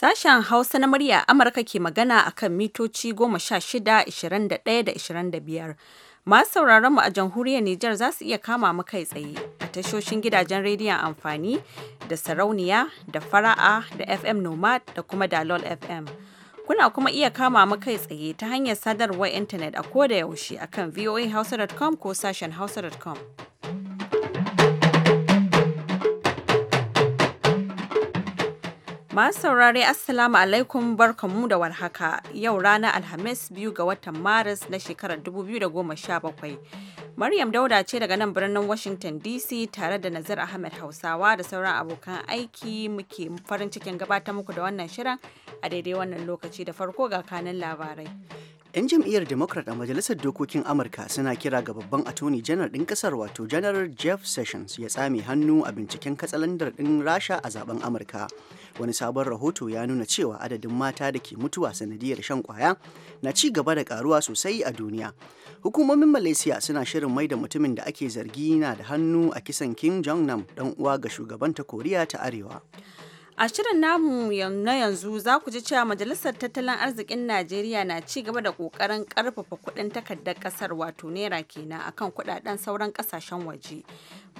Sashen Hausa na murya Amurka ke magana a kan mitoci 16, 21 da 25. Masu sauraron mu a jamhuriyar Nijar za su iya kama mu kai tsaye a tashoshin gidajen rediyon amfani da sarauniya da fara'a da FM Nomad da kuma Dalol FM. Kuna kuma iya kama mu kai tsaye ta hanyar sadarwar intanet a koda yaushe kan voahausa.com ko sashen hausa.com. Masu saurare Assalamu alaikum mu da warhaka yau ranar Alhamis biyu ga watan Maris na shekarar 2017. Maryam Dauda ce daga nan birnin Washington DC tare da Nazir Ahmed Hausawa da sauran abokan aiki muke farin cikin gabatar muku da wannan shirin a daidai wannan lokaci da farko ga kanin labarai. 'Yan jam'iyyar Democrat a Majalisar Dokokin Amurka suna kira ga babban atoni janar ɗin ƙasar wato janar Jeff Sessions ya tsame hannu a binciken katsalandar ɗin Rasha a zaben Amurka. Wani sabon rahoto ya nuna cewa adadin mata da ke mutuwa sanadiyar shan kwaya na ci gaba da karuwa sosai a duniya. Hukumomin Malaysia suna shirin mai da mutumin da ake zargi na da hannu a kisan Kim Jong-nam dan uwa ga shugaban ta Koriya ta Arewa. A shirin namu na yanzu za ku ji cewa Majalisar Tattalin Arzikin Najeriya na ci gaba da ƙoƙarin ƙarfafa kuɗin takardar ƙasar wato naira kenan akan kuɗaɗen sauran ƙasashen waje.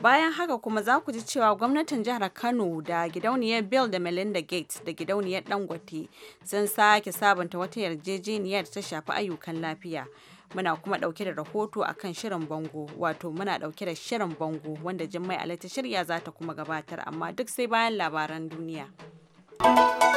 Bayan haka kuma za ku ji cewa gwamnatin jihar Kano da gidauniyar Bill da Melinda Gates da gidauniyar Dangote sun sake sabunta wata yarjejeniyar ta shafi ayyukan lafiya. muna kuma dauke da rahoto a kan shirin bango wato muna dauke da shirin bango wanda Jummai Ali ta shirya za ta kuma gabatar amma duk sai bayan labaran duniya.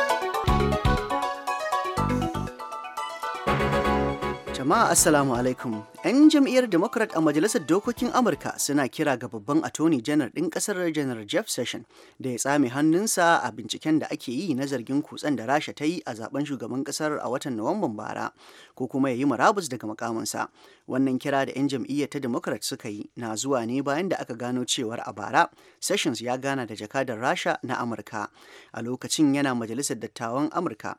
jama'a assalamu alaikum 'yan jam'iyyar democrat a majalisar dokokin amurka suna kira ga babban attorney janar ɗin ƙasar janar jeff session da ya tsame hannunsa a binciken da ake yi na zargin kutsen da rasha ta yi a zaben shugaban ƙasar a watan nuwamban bara ko kuma ya yi murabus daga makamansa wannan kira da 'yan jam'iyyar ta democrat suka yi na zuwa ne bayan da aka gano cewar a bara sessions ya gana da jakadar rasha na amurka a lokacin yana majalisar dattawan amurka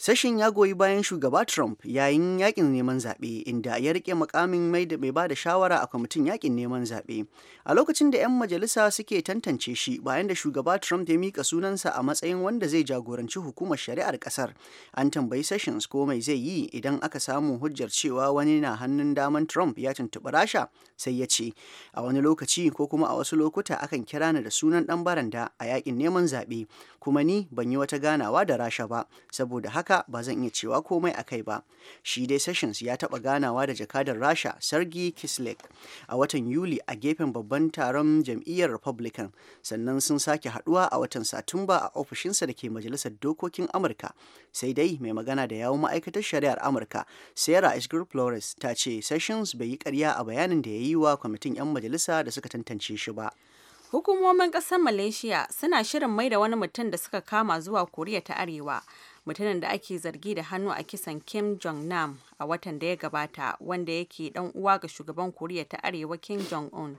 Sashin ya goyi bayan shugaba Trump yayin yakin neman zaɓe inda ya rike makamin mai da mai bada shawara a kwamitin yakin neman zaɓe. A lokacin da 'yan majalisa suke tantance shi bayan da shugaba Trump ya mika sunansa a matsayin wanda zai jagoranci hukumar shari'ar ƙasar, an tambayi Sessions ko mai zai yi idan aka samu hujjar cewa wani na hannun daman Trump ya tuntuɓi Rasha sai ya ce, a wani lokaci ko kuma a wasu lokuta akan kira ni da sunan ɗan baranda a yakin neman zaɓe, kuma ni ban yi wata ganawa da Rasha ba, saboda haka haka ba zan iya cewa komai a kai ba shi dai sessions ya taɓa ganawa da jakadar rasha sergei kislek a watan yuli a gefen babban taron jam'iyyar republican sannan sun sake haɗuwa a watan satumba a ofishinsa da ke majalisar dokokin amurka sai dai mai magana da yawun ma'aikatar shari'ar amurka sarah isgur flores ta ce sessions bai yi karya a bayanin da ya yi wa kwamitin 'yan majalisa da suka tantance shi ba Hukumomin ƙasar Malaysia suna shirin mai da wani mutum da suka kama zuwa Koriya ta Arewa mutumin da ake zargi da hannu a kisan kim jong nam a watan da ya gabata wanda yake dan uwa ga shugaban koriya ta arewa kim jong un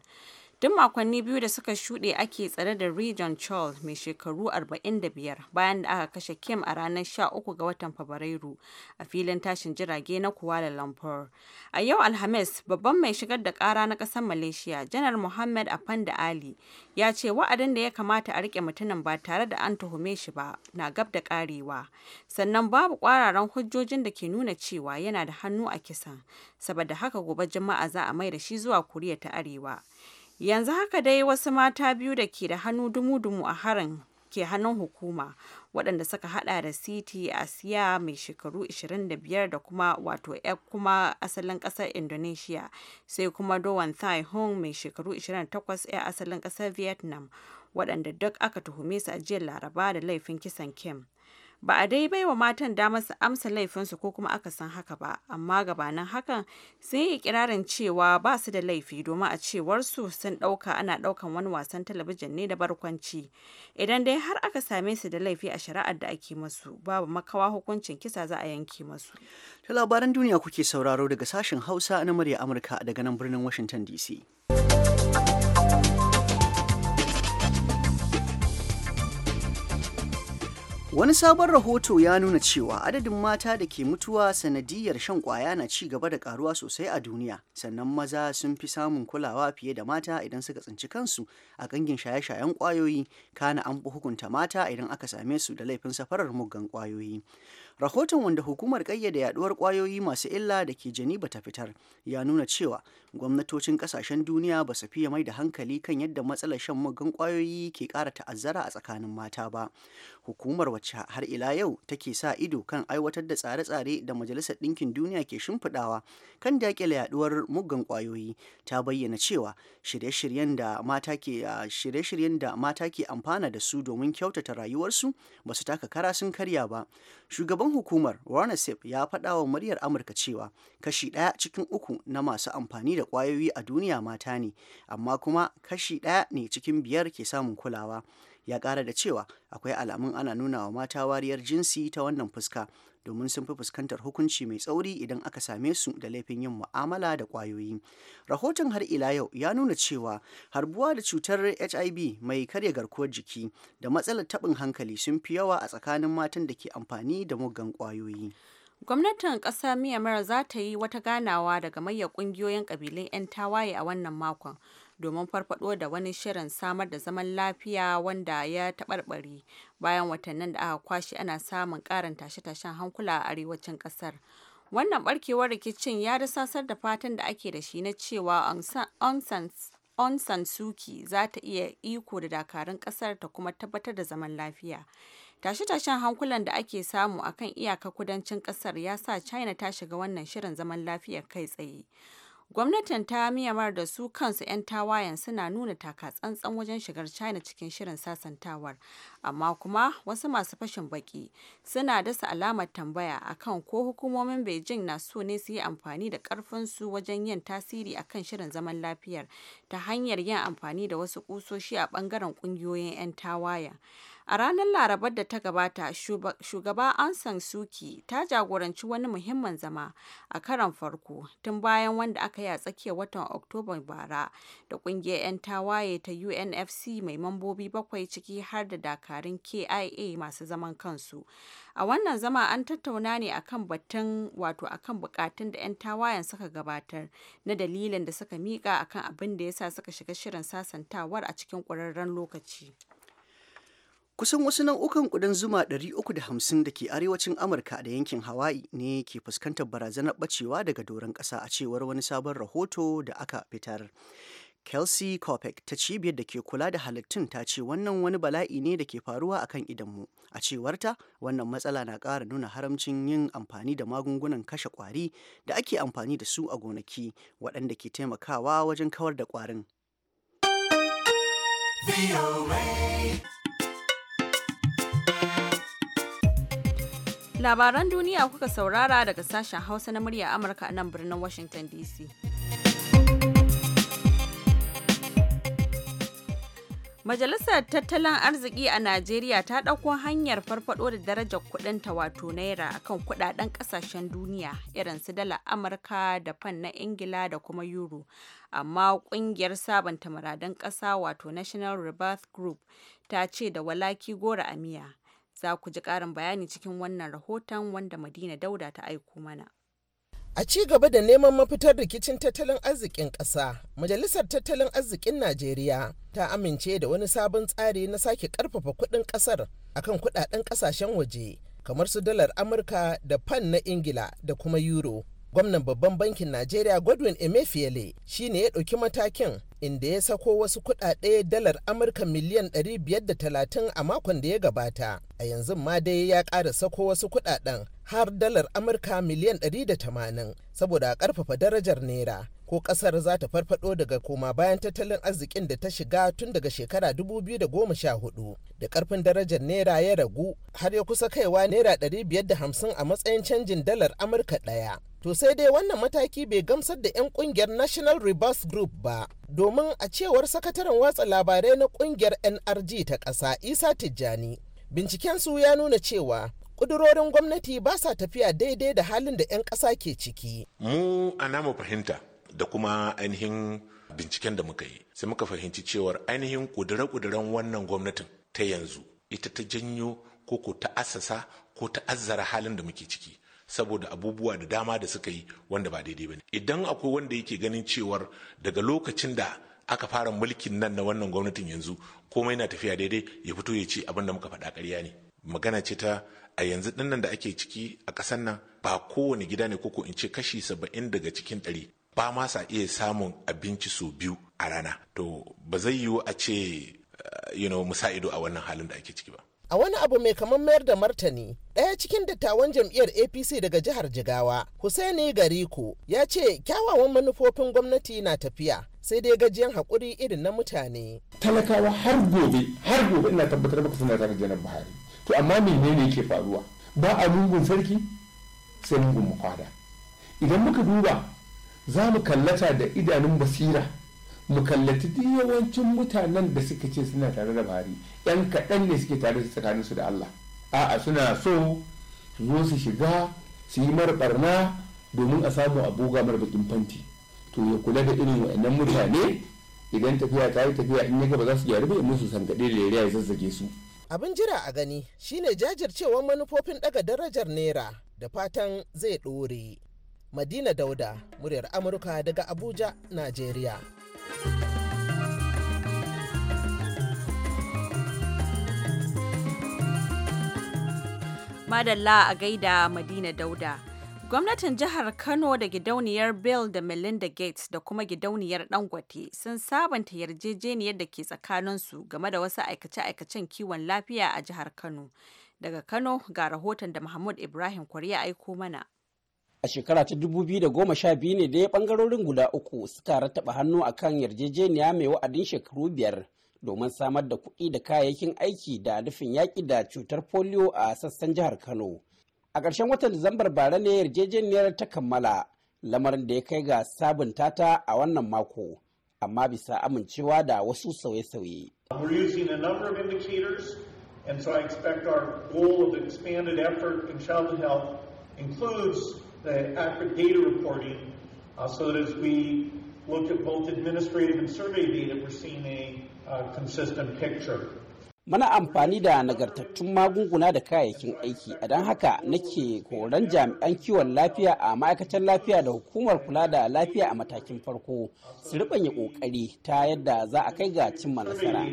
duk makonni biyu da suka shuɗe ake tsare da region Charles mai shekaru 45, bayan da aka kashe Kim a ranar 13 ga watan Fabrairu a filin tashin jirage na Kuala Lumpur. A yau Alhamis, babban mai shigar da kara na ƙasar Malaysia, Janar mohammed Afanda Ali, ya ce wa'adin da ya kamata a rike mutumin ba tare da an tuhume shi ba na gab da ƙarewa. Sannan babu ƙwararan hujjojin da ke nuna cewa yana da hannu a kisan, saboda haka gobe Juma'a za a mai da shi zuwa Koriya ta Arewa. Yanzu haka dai wasu mata biyu da ke da hannu dumu-dumu a harin ke hannun hukuma waɗanda suka hada da Siti Asiya mai shekaru 25 da kuma wato 'ya' kuma asalin ƙasar Indonesia sai kuma Dowan Thai Hung mai shekaru 28 yar asalin ƙasar Vietnam waɗanda duk aka tuhume su a jiya Laraba da laifin kisan Kim. ba a dai baiwa matan damar su amsa laifinsu ko kuma aka san haka ba amma gabanin hakan sun yi kirarin cewa ba su da laifi domin a cewar su sun ɗauka ana ɗaukan wani wasan talabijin ne da barkwanci idan dai har aka same su da laifi a shari'ar da ake masu babu makawa hukuncin kisa za a yanke masu ta labaran duniya kuke sauraro daga sashen hausa na murya amurka daga nan birnin washington dc Wani sabon rahoto ya nuna cewa adadin mata da ke mutuwa sanadiyar shan kwaya na ci gaba da karuwa sosai a duniya, sannan maza sun fi samun kulawa fiye da mata idan suka tsinci kansu a gangin shaye-shayen kwayoyi, kana an hukunta mata idan aka same su da laifin safarar muggan kwayoyi. Rahoton wanda hukumar kayyade yaduwar kwayoyi masu illa da ke Janiba ta fitar ya nuna cewa gwamnatocin kasashen duniya ba su fiye mai da hankali kan yadda matsalar shan magan kwayoyi ke kara ta'azzara a tsakanin mata ba hukumar wacce har ila yau take sa ido kan aiwatar da tsare-tsare da majalisar ɗinkin duniya ke shimfiɗawa kan dakile yaduwar muggan kwayoyi ta bayyana cewa shirye-shiryen da mata ke shirye-shiryen da mata ke amfana da su domin kyautata rayuwarsu ba su taka kara sun karya ba shugaban hukumar warner ya faɗawa muryar amurka cewa kashi ɗaya cikin uku na masu amfani da da ƙwayoyi a duniya mata ne, amma kuma kashi ɗaya ne cikin biyar ke samun kulawa. Ya ƙara da cewa akwai alamun ana nuna wa mata wariyar jinsi ta wannan fuska domin sun fi fuskantar hukunci mai tsauri idan aka same su da laifin yin mu'amala da ƙwayoyi. Rahoton har ila yau ya nuna cewa harbuwa da cutar HIV mai karya garkuwar jiki da matsalar taɓin hankali sun fi yawa a tsakanin matan da ke amfani da muggan ƙwayoyi. Gwamnatin ƙasar Myanmar za ta yi wata ganawa daga gamayyar ƙungiyoyin ƙabilun 'yan tawaye a wannan makon domin farfaɗo da wani shirin samar da zaman lafiya wanda ya taɓarɓare bayan watannin da aka kwashe ana samun ƙarin tashe-tashen hankula a arewacin ƙasar. Wannan ɓarkewar rikicin ya dasasar da fatan da ake da shi na cewa Aung San Aung San Suu Kyi za ta iya iko da dakarun kasar ta kuma tabbatar da zaman lafiya. Tashe-tashen hankulan da ake samu a kan iyaka kudancin kasar ya sa China ta shiga wannan shirin zaman lafiyar kai tsaye. Gwamnatin ta miyamar da su kansu 'yan tawayen suna nuna taka-tsantsan wajen shigar China cikin shirin sasantawar, amma kuma wasu masu fashin baki suna dasa alamar tambaya akan ko hukumomin Beijing na so ne su yi amfani da karfinsu wajen yin tasiri akan shirin zaman lafiyar ta hanyar yin amfani da wasu kusoshi a ɓangaren ƙungiyoyin 'yan tawayen. A ranar Larabar da ta gabata, shugaba an San Suki ta jagoranci wani muhimmin zama a karon farko tun bayan wanda aka yi a tsakiyar watan oktoba bara da kungiyar 'yan tawaye ta UNFC mai mambobi bakwai ciki har da dakarun KIA masu zaman kansu. A wannan zama an tattauna ne akan batun wato akan bukatun da 'yan tawayen suka gabatar na dalilin da suka mika akan abin da yasa suka shiga shirin sasantawar a cikin ƙwararren lokaci. Kusan wasu nau'ukan ƙudan zuma 350 da ke arewacin Amurka da yankin Hawaii ne ke fuskantar barazanar bacewa daga doron ƙasa a cewar wani sabon rahoto da aka fitar. Kelsey Kopek ta cibiyar da ke kula da halittun ta ce wannan wani bala'i ne da ke faruwa a kan idanmu. A cewarta, wannan matsala na ƙara nuna haramcin yin amfani da magungunan kashe ƙwari da ake amfani da su a gonaki waɗanda ke taimakawa wajen kawar da ƙwarin. Labaran duniya kuka saurara daga sashen Hausa na murya Amurka a nan birnin Washington DC. Majalisar Tattalin Arziki a Najeriya ta ɗauko hanyar farfado da darajar kuɗinta wato naira akan kuɗaɗen ƙasashen duniya irin su dala Amurka da fan na Ingila da kuma euro. Amma ƙungiyar sabanta muradun ƙasa wato National Rebirth Group ta ce da walaki gora a miya. Za ku ji ƙarin bayani cikin wannan rahoton wanda Madina Dauda ta aiko mana. A ci gaba da neman mafitar rikicin tattalin arzikin ƙasa, Majalisar Tattalin Arzikin Najeriya ta amince da wani sabon tsari na sake ƙarfafa kuɗin ƙasar akan kuɗaɗen ƙasashen waje, kamar su dalar Amurka da fan na Ingila da kuma Euro. gwamnan babban bankin najeriya godwin emefiele shi ne ya ɗauki matakin inda ya sako wasu kuɗaɗe dalar amurka miliyan 530 a makon da ya gabata a yanzu ma dai ya ƙara sako wasu kuɗaɗen har dalar amurka miliyan 180 saboda a ƙarfafa darajar naira ko kasar za ta farfado daga koma bayan tattalin arzikin da ta shiga tun daga shekara 2014 da karfin darajar naira ya ragu har ya kusa kaiwa naira 550 a matsayin canjin dalar amurka daya to sai dai wannan mataki bai gamsar da 'yan kungiyar national reverse group ba domin a cewar sakataren watsa labarai na kungiyar nrg ta ƙasa isa tijjani bincikensu ya nuna cewa kudurorin gwamnati ba sa tafiya daidai da halin da 'yan ƙasa ke ciki mu a namu fahimta da kuma ainihin binciken da muka yi sai muka fahimci cewar ainihin kudure-kuduren wannan gwamnatin ta yanzu ita ta janyo ko ko ta assasa ko ta azzara halin da muke ciki saboda abubuwa da dama da suka yi wanda ba daidai ba ne idan akwai wanda yake ganin cewar daga lokacin da aka fara mulkin nan na wannan gwamnatin yanzu komai na tafiya daidai ya fito ya ce abin da muka faɗa ƙarya ne magana ce ta a yanzu dinnan da ake ciki a ƙasar nan ba kowane gida ne koko in ce kashi saba'in daga cikin ɗari ba ma sa iya samun abinci su biyu a rana to ba zai yiwu a ce eh, you know musa ido a wannan halin da ake ciki ba a wani abu mai kamar mayar da martani ɗaya cikin dattawan jam'iyyar apc daga jihar jigawa husaini gariko ya ce kyawawan manufofin gwamnati na tafiya sai dai gajiyan haƙuri irin na mutane talakawa har gobe har gobe ina tabbatar maka suna tare janar buhari to amma menene yake faruwa ba a lungun sarki sai lungun mukwada idan muka duba za mu kallata da idanun basira mu kallaci yawancin mutanen da suka ce suna tare da bari yan kaɗan ne suke tare tsakanin su da allah a'a suna so su zo su shiga su yi mara barna domin a samu aboga mara bakin fanti to ya kula da irin wa'annan mutane idan tafiya ta yi tafiya in ya gaba za su gyaru bai musu sangaɗe da yariya ya zazzage su abin jira a gani shine jajircewar manufofin daga darajar naira da fatan zai ɗore Madina Dauda, muryar Amurka daga Abuja, Najeriya. Madalla a gaida Madina Dauda. Gwamnatin jihar Kano da gidauniyar Bill da Melinda Gates da kuma gidauniyar Dangote sun sabanta yarjejeniyar da ke tsakaninsu game da wasu aikace-aikacen kiwon lafiya a jihar Kano. Daga Kano ga rahoton da Mahmud Ibrahim Kwari ya aiko mana. a shekara ta dubu biyu da sha biyu ne dai bangarorin guda uku suka rattaba hannu a kan yarjejeniya mai wa'adin shekaru biyar domin samar da kuɗi da kayayyakin aiki da nufin yaƙi da cutar polio a sassan jihar kano a ƙarshen watan disambar bara ne yarjejeniyar ta kammala lamarin da ya kai ga sabunta ta a wannan mako amma bisa amincewa da wasu sauye-sauye And so I expect our in health includes the accurate data reporting uh, so that as we look at both administrative and survey data, we're seeing a uh, consistent picture. Mana amfani da nagartattun magunguna da kayayyakin aiki, a don haka nake koran jami'an kiwon lafiya a ma'aikatar lafiya da hukumar kula da lafiya a matakin farko su riɓanya ƙoƙari ta yadda za a kai ga cimma nasara.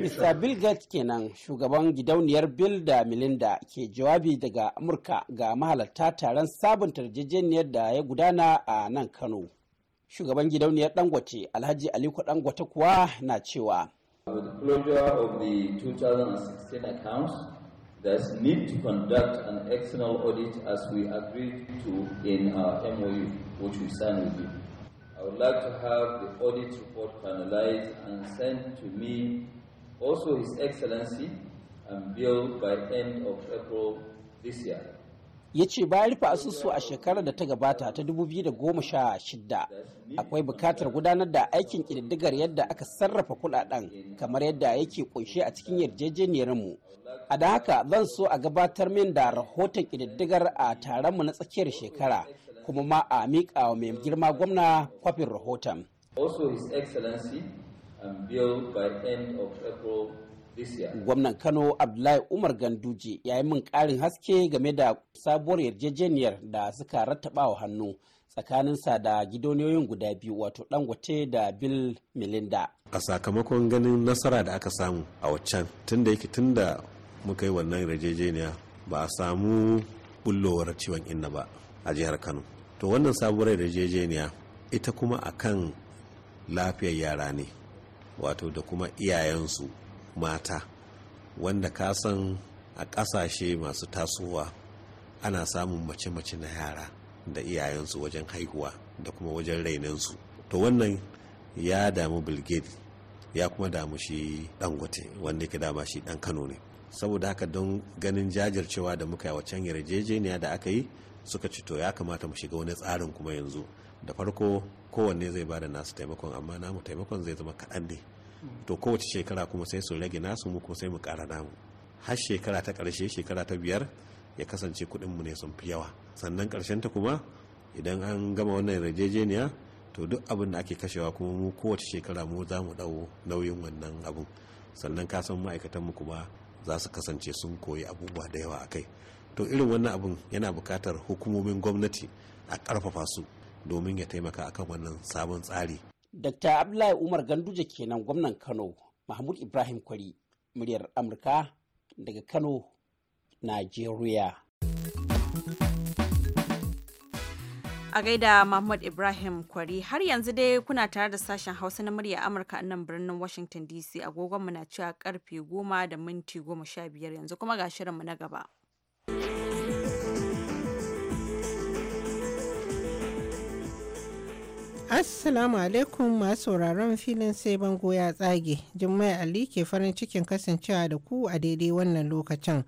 Mr. Bill Gates kenan shugaban gidauniyar Bill da Melinda ke jawabi daga Amurka ga mahalarta taron sabunta yarjejeniyar da ya gudana a nan Kano. Shugaban gidauniyar Dangote Alhaji Aliko Dangote kuwa na cewa With the closure of the 2016 accounts, there's need to conduct an external audit as we agreed to in our MOU, which we signed with you. I would like to have the audit report finalized and sent to me, also His Excellency, and billed by end of April this year. ya ce bayan rufe asusu a shekarar da ta gabata ta 2016 akwai bukatar gudanar da aikin kididdigar yadda aka sarrafa kudaden kamar yadda yake kunshe a cikin yarjejeniyar mu a da haka zan so a gabatar min da rahoton kididdigar a taron mu na tsakiyar shekara kuma ma a miƙa wa mai girma gwamna kwafin rahoton also his excellency um, bill by end of april Gwamnan Kano Abdullahi Umar Ganduje ya yi min ƙarin haske game da sabuwar yarjejeniyar da suka rattaba wa hannu tsakanin sa da gidoniyoyin guda biyu wato Dangote da Bill Melinda. A sakamakon ganin nasara da aka samu a waccan tunda yake tunda muka yi wannan yarjejeniya ba a samu bullowar ciwon inna ba a jihar Kano. To wannan sabuwar yarjejeniya ita kuma akan lafiyar yara ne wato da kuma iyayensu mata wanda ka san a ƙasashe masu tasowa ana samun mace-mace na yara da iyayensu wajen haihuwa da kuma wajen rainansu to wannan ya damu bilgedi ya kuma damu shi dangote wanda yake dama shi dan kano ne saboda haka don ganin jajircewa da muka yi wacan yarjejeniya da aka yi suka ci to ya kamata mu shiga wani tsarin kuma yanzu da farko kowanne zai bada nasu taimakon amma namu taimakon zai zama kaɗan ne to kowace shekara kuma sai su rage nasu mu ko sai mu kara namu har shekara ta ƙarshe shekara ta biyar ya kasance kuɗin mu ne sun fi yawa sannan ƙarshen ta kuma idan an gama wannan yarjejeniya to duk abin da ake kashewa kuma mu kowace shekara mu za mu ɗau nauyin wannan abun sannan ka san ma'aikatan mu kuma za su kasance sun koyi abubuwa da yawa a kai to irin wannan abun yana buƙatar hukumomin gwamnati a ƙarfafa su domin ya taimaka akan wannan sabon tsari Dr. Abdullahi Umar Ganduje kenan gwamnan Kano, Mahmud Ibrahim Kwari, muryar Amurka daga Kano, Najeriya. A gaida Mahmud Ibrahim Kwari har yanzu dai kuna tare da sashen Hausa na murya Amurka nan birnin Washington DC agogonmu na cewa karfe goma da minti goma sha biyar yanzu kuma ga shirinmu na gaba. Assalamu alaikum masu sauraron filin sai bango ya tsage. Jummai Ali ke farin cikin kasancewa da ku a daidai wannan lokacin.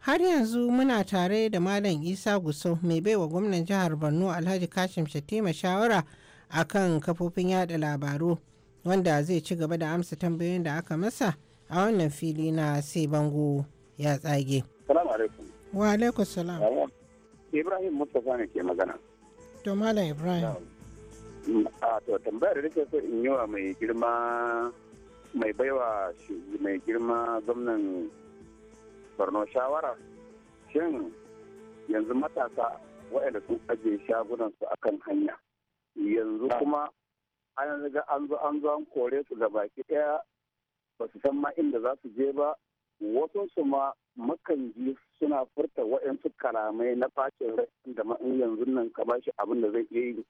Har yanzu muna tare da Malam Isa Guso mai baiwa gwamnan jihar Borno Alhaji Kashim Shatima shawara a kan kafofin yada labaru wanda zai ci gaba da amsa tambayoyin da aka masa a wannan fili na sai bango ya tsage. Wa alaikum salam. Ibrahim Mustapha ne ke magana. To Malam Ibrahim. a to tambayar da nake so in yi wa mai girma mai baiwa mai girma gwamnan borno shawara shin yanzu matasa waɗanda sun ajiye shagunansu a kan hanya yanzu kuma an ga an zo an zo an kore su da baki ɗaya ba su san ma inda za su je ba wasu su ma ji suna furta waɗansu kalamai na bacin rai da ma'in yanzu nan ka bashi abin da zai iya yi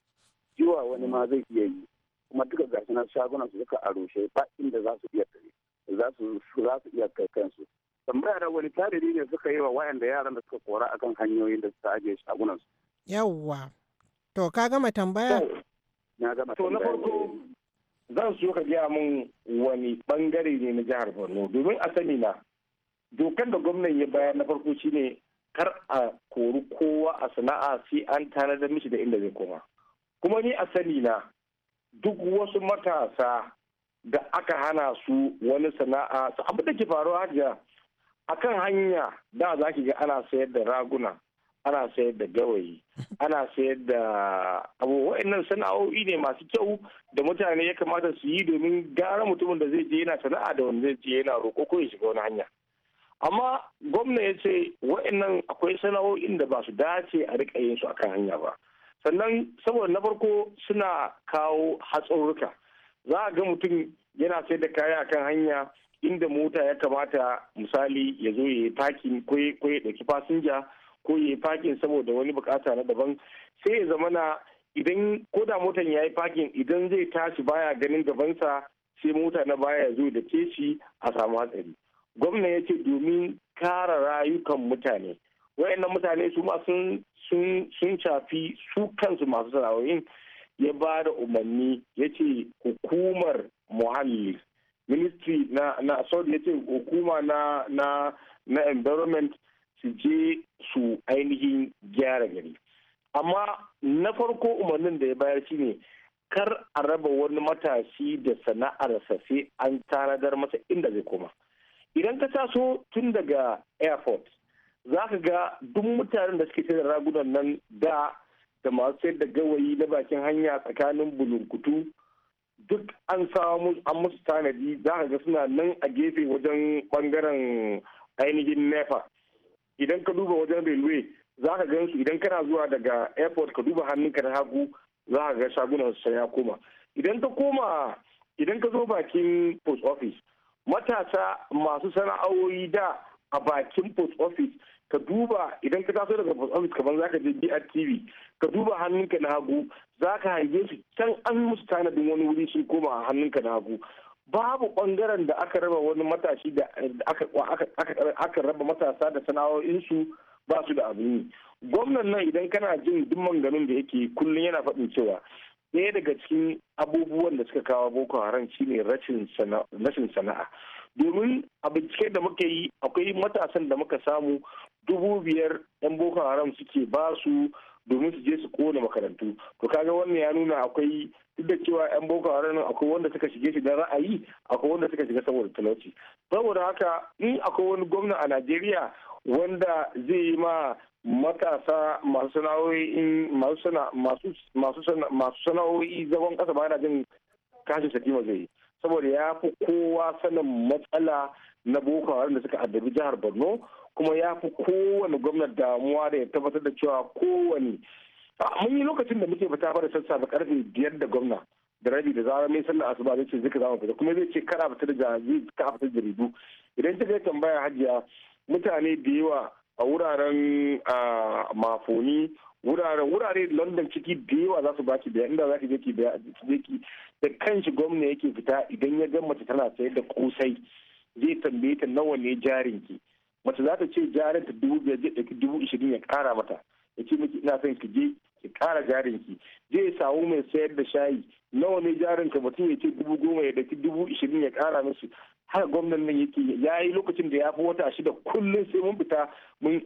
jiwa wani ma zai iya yi kuma duka gashi na shagunan su suka arushe ba inda za su iya za su za su iya kai kansu tambaya da wani tarihi ne suka yi wa wayanda yaran da suka kora akan hanyoyin da suka ajiye shagunan su yawwa to ka gama tambaya na gama to na farko zan so ka gaya mun wani bangare ne na jihar Borno domin a sani na dokan da gwamnan ya bayar na farko shine kar a kori kowa a sana'a sai an tanadar mishi da inda zai koma kuma ni a sani na duk wasu matasa da aka hana su wani sana'a su abu da ke faruwa hajiya akan hanya da za ki ga ana sayar da raguna ana sayar da gawayi ana sayar da abu wa'annan sana'o'i ne masu kyau da mutane ya kamata su yi domin gara mutumin da zai je yana sana'a da wanda zai je yana roƙo ko ya shiga wani hanya amma gwamna ya ce wa'annan akwai sana'o'in da ba su dace a riƙa yin su akan hanya ba sannan saboda na farko suna kawo hatsarurruka za a ga mutum yana sai da kaya kan hanya inda mota ya kamata misali ya zo ya yi pakin ko ya ɗauki fasinja ko ya yi pakin saboda wani bukata na daban sai ya zamana idan ko da motan ya yi pakin idan zai tashi baya ganin gabansa sai mota na baya ya zo da shi a samu hatsari gwamna ya ce domin kara rayukan mutane wayannan mutane su ma sun shafi su kansu masu sana'o'in ya ba da umarni ya ce hukumar muhalli ministry na na saudi ya ce hukuma na environment su je su ainihin gyara gari amma na farko umarnin da ya bayar ne kar a raba wani matashi da sana'ar sai an tanadar masa inda zai koma idan ka taso tun daga airport za ka ga duk mutanen da suke sayar da ragunan nan da da masu sayar da gawayi na bakin hanya tsakanin bulunkutu duk an samu an musu tanadi za ka ga suna nan a gefe wajen bangaren ainihin nefa idan ka duba wajen railway za ka gan su idan kana zuwa daga airport ka duba hannunka na hagu za ka ga shagunan su ya koma idan ka koma idan ka zo bakin post office matasa masu sana'o'i da a bakin post office ka duba idan ka taso daga post office kamar zaka je BRTV ka duba hannunka na hagu zaka hange su can an musu tanadin wani wuri sun koma a hannunka na hagu babu bangaren da aka raba wani matashi da aka raba matasa da sana'o'insu ba su da abin yi gwamnan nan idan kana jin duk manganin da yake kullum yana faɗin cewa ɗaya daga cikin abubuwan da suka kawo boko haram shine rashin sana'a domin a bincike da muka yi akwai matasan da muka samu dubu biyar yan boko haram suke ba su domin su je su kone makarantu to kaga wannan ya nuna akwai duk da cewa yan boko haram akwai wanda suka shige shi don ra'ayi akwai wanda suka shiga saboda talauci saboda haka in akwai wani gwamna a najeriya wanda zai yi ma matasa masu sana'o'i masu sana'o'i zagon kasa bayan jin kashin sati, zai saboda ya fi kowa sanin matsala na boko haram da suka addabi jihar borno kuma ya fi kowane gwamnati damuwa da ya tabbatar da cewa kowane mun yi lokacin da muke fita da sassa da karfe biyar da gwamna da rabi da zarar mai sallar asuba zai ce zika zama fita kuma zai ce kara fita da jaridu ka da jaridu idan ta kai tambaya hajiya mutane da yawa a wuraren mafoni wuraren wurare london ciki da yawa za su baki biya inda za ki je ki biya da kanshi gwamna yake fita idan ya ga mace tana sayar da kosai zai tambaye ta nawa ne jarin ki mace za ta ce jarin ta dubu biyar zai ɗauki dubu ishirin ya ƙara mata ya ce miki ina son ki je ki ƙara ki zai samu mai sayar da shayi nawa ne jarin ka mutum ya ce dubu goma ya ɗauki dubu ishirin ya ƙara musu haka gwamnan nan yake ya yi lokacin da ya fi wata shida kullum sai mun fita mun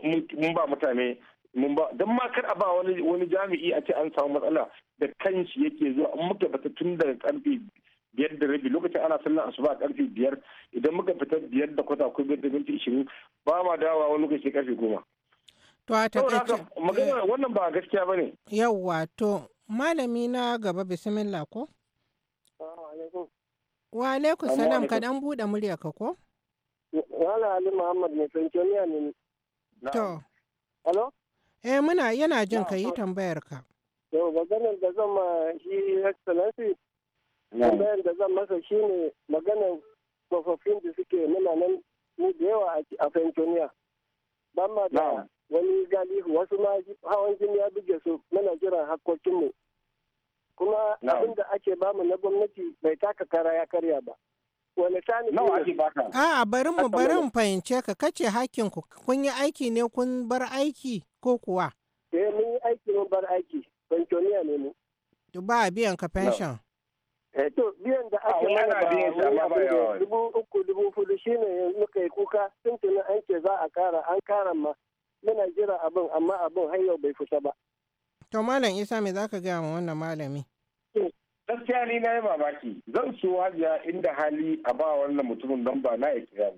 ba mutane mun ba don ma kar a ba wani jami'i a ce an samu matsala da kanshi yake zuwa an muka fita tun daga karfe biyar da rabi lokacin ana sallan asuba karfe biyar idan muka fita biyar da kwata ko biyar da minti ishirin ba ma dawa wani lokaci karfe goma. To a takaice. Magana eh. wannan ba gaskiya ba ne. Yawwa to malami na gaba bisimila ko? Wa alaiku salam ka dan buɗe muryarka ko? Wala Ali Muhammad ne sankiyoniya ne. To. Halo? Eh muna yana jin ka yi tambayar ka. to maganar da zan ma shi excellency tambayar da zan masa shi ne maganar tsofaffin da suke muna nan mu da yawa a sankiyoniya. Ban ma da wani galihu wasu ma hawan jini ya buge su muna jiran hakkokinmu. mu. kuma abin da ake bamu na gwamnati bai taka kara ya karya ba wani tani nawa ake baka a'a bari mu bari mu fahimce ka kace hakinku kun yi aiki ne kun bar aiki ko kuwa eh mun yi aiki mun bar aiki pensioniya ne mu to ba biyan ka pension eh to biyan da ah, ake mana ba wani dubu uku dubu hudu shine yanzu yi kuka tuntuni an ce za a kara an kara ma muna jira abin amma abin har yau bai fita ba To Malam Isa me za ka gaya ma wannan malami? Gaskiya ni na yi mamaki zan so hajiya inda hali a ba wannan mutumin don ba na ya kira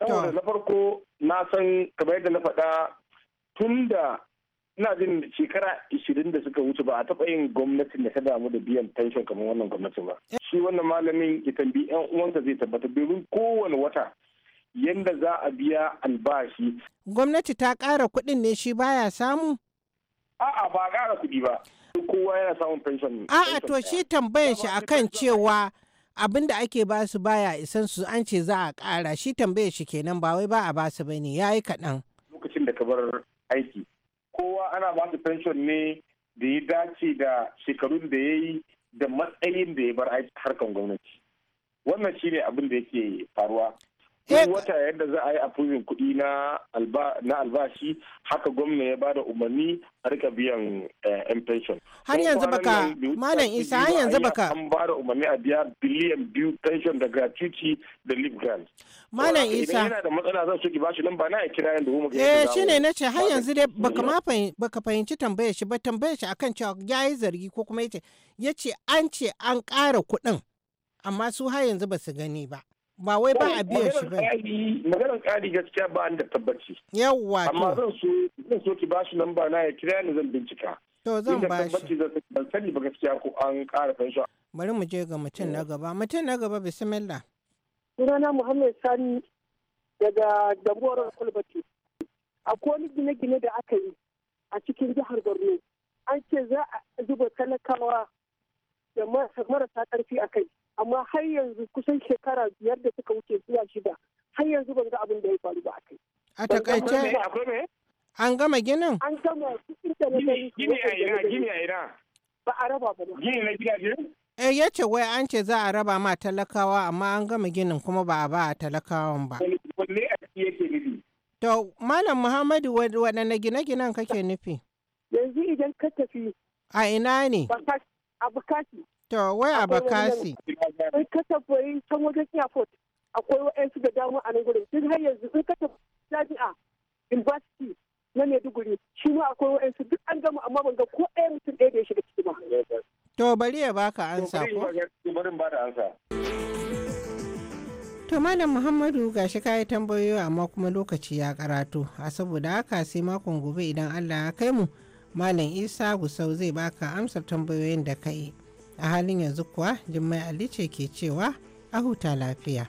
Saboda na farko na san kamar yadda na faɗa tun da ina jin shekara ishirin da suka wuce ba a taɓa yin gwamnatin da ta damu da biyan tension kamar wannan gwamnati ba. Eh. Shi wannan malamin ya tambi 'yan uwansa zai tabbatar domin kowane wata yadda za a biya albashi. Gwamnati ta ƙara kuɗin ne shi baya samu? A'a ba a ƙara kuɗi ba. Kowa yana samun pension. A'a to shi tambayar shi akan cewa abin da ake ba su baya isan su an ce za a ƙara shi tambayar shi kenan ba wai ba a ba su bane yi kaɗan. Lokacin da ka bar aiki kowa ana ba su pension ne da ya dace da shekarun da ya yi da matsayin da ya bar aiki harkar gwamnati. Wannan shi ne abin da yake faruwa. duk wata yadda za a yi approving kuɗi na albashi haka gwamna ya bada umarni a rika biyan yan eh, pension har yanzu baka malam isa har yanzu baka an bada umarni a biya billion biyu pension da gratuity da lip grant malam isa yana da matsala zan so ki bashi lamba na ya kira yanda kuma eh shine nace har yanzu dai baka ma baka fahimci tambayar shi ba tambayar shi akan cewa yayi zargi ko kuma yace yace an ce an ƙara kuɗin amma su har yanzu ba su gani ba ba wai ba a biyan shi ba maganar kari gaskiya ba da tabbaci yawwa amma zan so zan so ki ba shi lamba na ya kira ni zan bincika to zan ba shi ban sani ba gaskiya ko an ƙara fanshi bari mu je ga mutum na gaba mutum na gaba bismillah sunana muhammad sani daga dabuwar kulbati akwai wani gine-gine da aka yi a cikin jihar borno an ce za a zuba talakawa da marasa karfi a kai amma har yanzu kusan shekara biyar da suka wuce zuwa shida har yanzu ban ga abin da ya faru ba a kai. A takaice an gama ginin? An gama gini a ina gini a ina. Ba a raba ba. Gini na gidaje? Eh ya ce wai an ce za a raba ma talakawa amma an gama ginin kuma ba a ba a talakawan ba. To Malam Muhammadu waɗanne gine-ginen kake nufi? Yanzu idan ka tafi. A ina ne? A Bukati. To wai a bakasi. Akwai ka tafi can wajen airport akwai wa'ansu da dama a nan gurin tun har yanzu in ka tafi jami'a university na Maiduguri shi ma akwai wa'ansu duk an gama amma ban ga ko ɗaya mutum ɗaya da ya shiga ciki ba. To bari ya baka ansa ko? Bari To Malam Muhammadu gashi kayi tambayoyi amma kuma lokaci ya karatu a saboda haka sai makon gobe idan Allah ya kai mu Malam Isa Gusau zai baka amsar tambayoyin da ka yi. a halin yanzu kuwa Jummai Ali ce ke cewa a huta lafiya.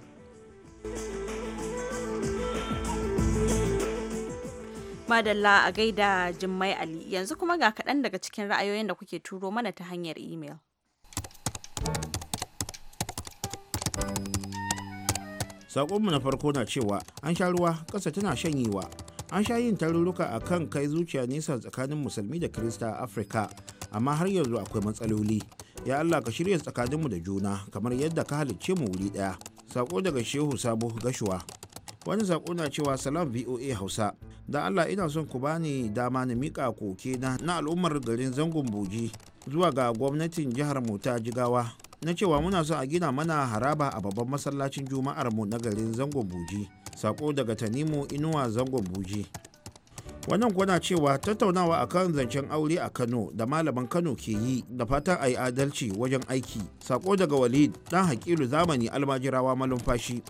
Madalla a gaida Jummai Ali yanzu kuma ga kaɗan daga cikin ra'ayoyin da kuke turo mana ta hanyar imel. Saƙonmu na farko na cewa an sha ruwa ƙasa tana shanyewa. An sha yin tarurruka a kan kai zuciya nesa tsakanin musulmi da Kirista a Afirka. amma har yanzu akwai matsaloli ya Allah ka shirya tsakaninmu da juna kamar yadda ka halicce mu wuri ɗaya sako daga shehu sabo gashuwa wani sako na cewa salam voa hausa da Allah ina son ku bani dama na mika koke na na al'ummar garin zangon buji zuwa ga gwamnatin jihar mu ta jigawa na cewa muna son a gina mana haraba a babban masallacin juma'ar mu na garin zangon buji sako daga tanimu inuwa zangon buji wannan na cewa tattaunawa a kan zancen aure a kano da malaman kano ke yi da fatan a yi adalci wajen aiki sako daga walid dan hakilu zamani almajirawa malumfashi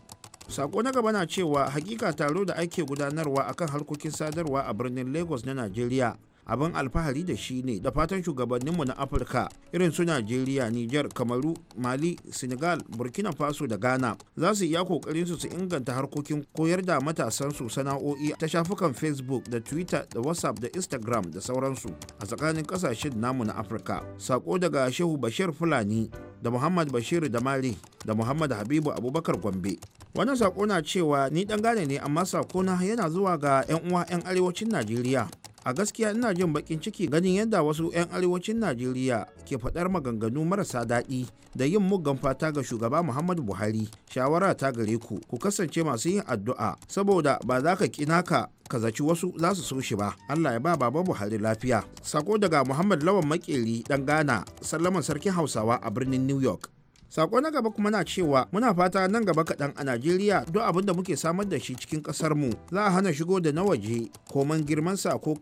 sako na gaba na cewa hakika taro da ake gudanarwa akan harkokin sadarwa a birnin lagos na najeriya abin alfahari da shi ne da fatan shugabanninmu na afirka irin su najeriya niger kamaru mali senegal burkina faso da ghana za su iya kokarin su su inganta harkokin koyar da matasan su sana'o'i ta shafukan facebook da twitter da whatsapp da instagram da sauransu a tsakanin kasashen namu na afirka sako daga shehu bashir fulani da muhammad bashir da mali da muhammad habibu abubakar gombe wannan sako na cewa ni dan gane ne amma sako na yana zuwa ga 'yan uwa 'yan arewacin najeriya a gaskiya ina jin bakin ciki ganin yadda wasu 'yan arewacin najeriya ke faɗar maganganu marasa daɗi da yin muggan fata ga shugaba muhammadu buhari shawara ta gare ku ku kasance masu yin addu'a saboda ba za ka kina ka ka zaci wasu za su so shi ba allah ya ba baba buhari lafiya sako daga muhammad lawan makeri dan ghana sallaman sarkin hausawa a birnin new york sako na gaba kuma na cewa muna fata nan gaba kaɗan a najeriya duk abin da muke samar da shi cikin ƙasar mu za a hana shigo da na waje koman sa ko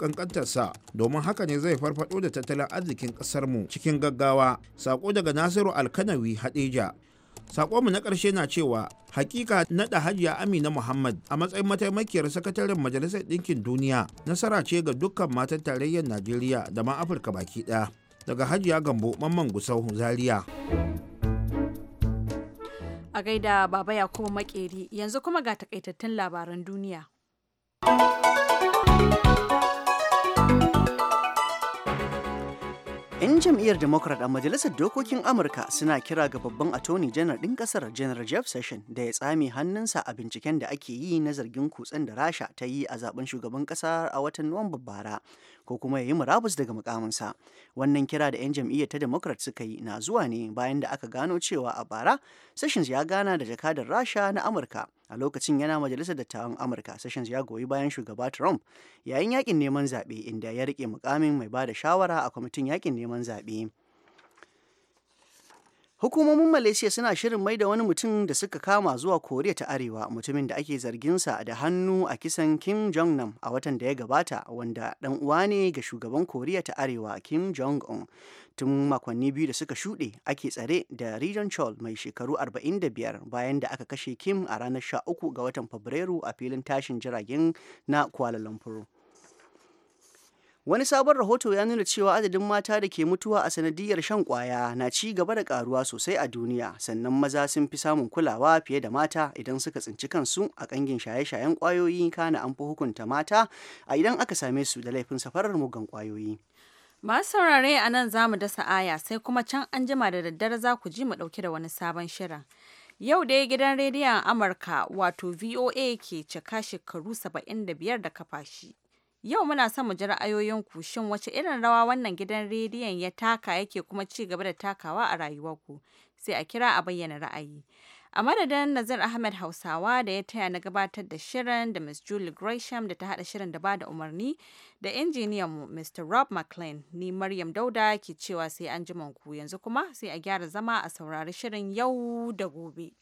sa domin haka ne zai farfado da tattalin arzikin ƙasar mu cikin gaggawa sako daga nasiru alkanawi hadeja mu na ƙarshe na cewa hakika naɗa hajiya amina muhammad a matsayin mataimakiyar sakataren majalisar ɗinkin duniya nasara ce ga dukkan matan tarayyar najeriya da ma afirka baki ɗaya daga hajiya gambo mamman gusau zaria A gaida Baba ya kuma Makeri yanzu kuma ga takaitattun labaran duniya. yan jam'iyyar Democrat a Majalisar Dokokin Amurka suna kira ga babban atoni janar ɗin ƙasar janar Jeff session da ya tsame hannunsa a binciken da ake yi na zargin kutsen da Rasha ta yi a zaben shugaban ƙasa a watan nuwan bara, ko kuma ya yi murabus daga mukaminsa wannan kira da 'yan jam'iyyar ta democrat suka yi na zuwa ne bayan da aka gano cewa a bara sessions ya gana da jakadar rasha na amurka a lokacin yana majalisar dattawan amurka sessions ya goyi bayan shugaba trump yayin yakin neman zaɓe inda ya rike mukamin mai ba da shawara a kwamitin yakin neman zaɓe Hukumomin Malaysia suna shirin mai da wani mutum da suka kama zuwa Koriya ta Arewa mutumin da ake zarginsa da hannu a kisan Kim Jong-nam a watan da ya gabata wanda dan uwa ne ga shugaban Koriya ta Arewa Kim Jong-un. Tun makonni biyu da suka shuɗe ake tsare da region Chol mai shekaru 45 bayan da aka kashe Kim a ranar 13 ga watan Fabrairu a filin tashin jiragen na Kuala Lumpur. Wani sabon rahoto ya nuna cewa adadin mata da ke mutuwa a sanadiyar shan kwaya na ci gaba da karuwa sosai a duniya, sannan maza sun fi samun kulawa fiye da mata idan suka tsinci kansu a kangin shaye-shayen kwayoyi kana an fi hukunta mata a idan aka same su da laifin safarar mugan kwayoyi. Masu saurare a nan za mu dasa aya sai kuma can an jima da daddare za ku ji mu ɗauki da wani sabon shirin. Yau dai gidan rediyon Amurka wato VOA ke cika shekaru saba'in da biyar da kafashi. Yau muna son mu ji ra'ayoyinku shin wace irin rawa wannan gidan rediyon ya taka yake kuma ci gaba da takawa a rayuwarku? Sai a kira a bayyana ra'ayi. A madadin Nazir Ahmed Hausawa da ya taya na gabatar da shirin da Miss Julie Gresham da ta haɗa shirin da ba da umarni da injiniyan mu Mr. Rob McLean ni Maryam Dauda ke cewa sai an ku yanzu kuma sai a gyara zama a saurari shirin yau da gobe.